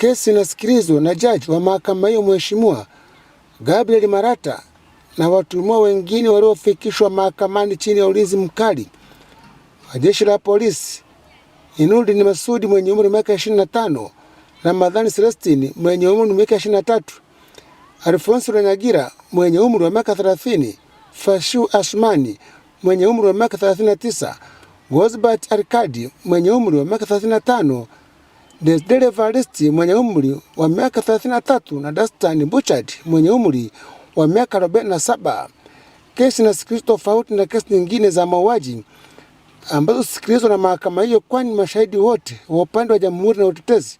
Kesi inasikilizwa na jaji wa mahakama hiyo Mheshimiwa Gabriel Marata na watuhumiwa wengine waliofikishwa mahakamani chini ya ulinzi mkali wa jeshi la polisi Inudin Masudi mwenye umri wa miaka 25, Ramadhani Celestine mwenye umri wa miaka 23, Alfonso Ranyagira mwenye umri wa miaka 30, Fashu Asmani mwenye umri wa miaka 39, Gozbert Arkadi mwenye umri wa miaka 35 Desideriva Listi mwenye umri wa miaka 33 na Dastan Buchard mwenye umri wa miaka 47. Kesi inasikilizwa tofauti na kesi nyingine za mauaji ambazo zisikilizwa na mahakama hiyo, kwani mashahidi wote wa upande wa jamhuri na utetezi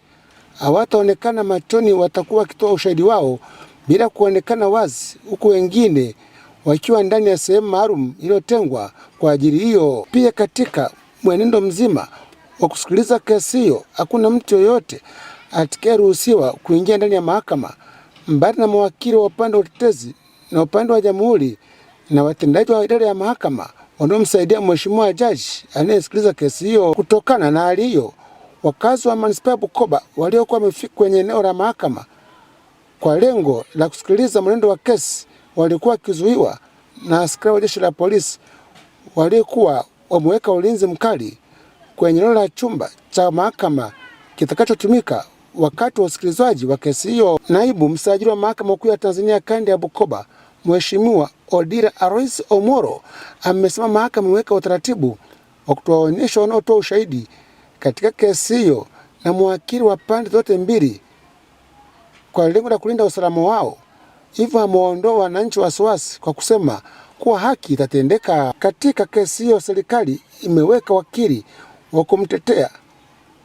hawataonekana machoni, watakuwa wakitoa ushahidi wao bila kuonekana wazi, huku wengine wakiwa ndani ya sehemu maalum iliyotengwa kwa ajili hiyo. Pia katika mwenendo mzima wa kusikiliza kesi hiyo, hakuna mtu yoyote atakayeruhusiwa kuingia ndani ya mahakama mbali na mawakili wa upande wa utetezi na upande wa jamhuri na watendaji wa idara ya mahakama wanaomsaidia mheshimiwa jaji anayesikiliza kesi hiyo. Kutokana na hali hiyo, wakazi wa manispaa ya Bukoba waliokuwa wamefika kwenye eneo la mahakama kwa lengo la kusikiliza mwenendo wa kesi walikuwa wakizuiwa na askari wa jeshi la polisi waliokuwa wameweka ulinzi mkali kwenye eneo la chumba cha mahakama kitakachotumika wakati wa usikilizwaji wa kesi hiyo. Naibu msajili wa mahakama kuu ya Tanzania kanda ya Bukoba, Mheshimiwa Odira Alois Omoro, amesema mahakama imeweka utaratibu wa kutoa onyesho wanaotoa ushahidi katika kesi hiyo na mwakili wa pande zote mbili kwa lengo la kulinda usalama wao, hivyo ameondoa wananchi wasiwasi kwa kusema kuwa haki itatendeka. Katika kesi hiyo, serikali imeweka wakili wa kumtetea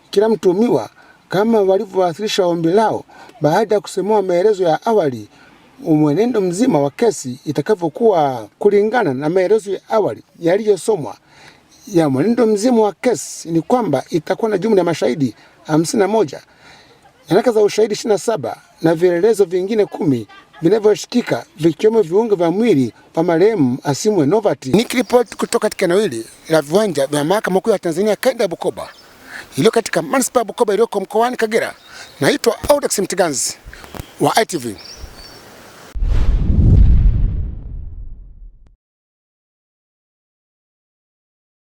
kila mtuhumiwa kama walivyowasilisha ombi lao baada ya kusemewa maelezo ya awali mwenendo mzima wa kesi itakavyokuwa kulingana na maelezo ya awali yaliyosomwa ya mwenendo mzima wa kesi ni kwamba itakuwa na jumla ya mashahidi 51, nyaraka za ushahidi 27 na vielelezo vingine kumi vinavyoshikika vikiwemo viungo vya mwili vya marehemu Asimwe novati Nikiripoti kutoka katika eneo hili la viwanja vya mahakama kuu ya Tanzania kanda ya Bukoba iliyo katika manispaa ya Bukoba iliyoko mkoani Kagera, naitwa Audax Mtiganzi wa ITV.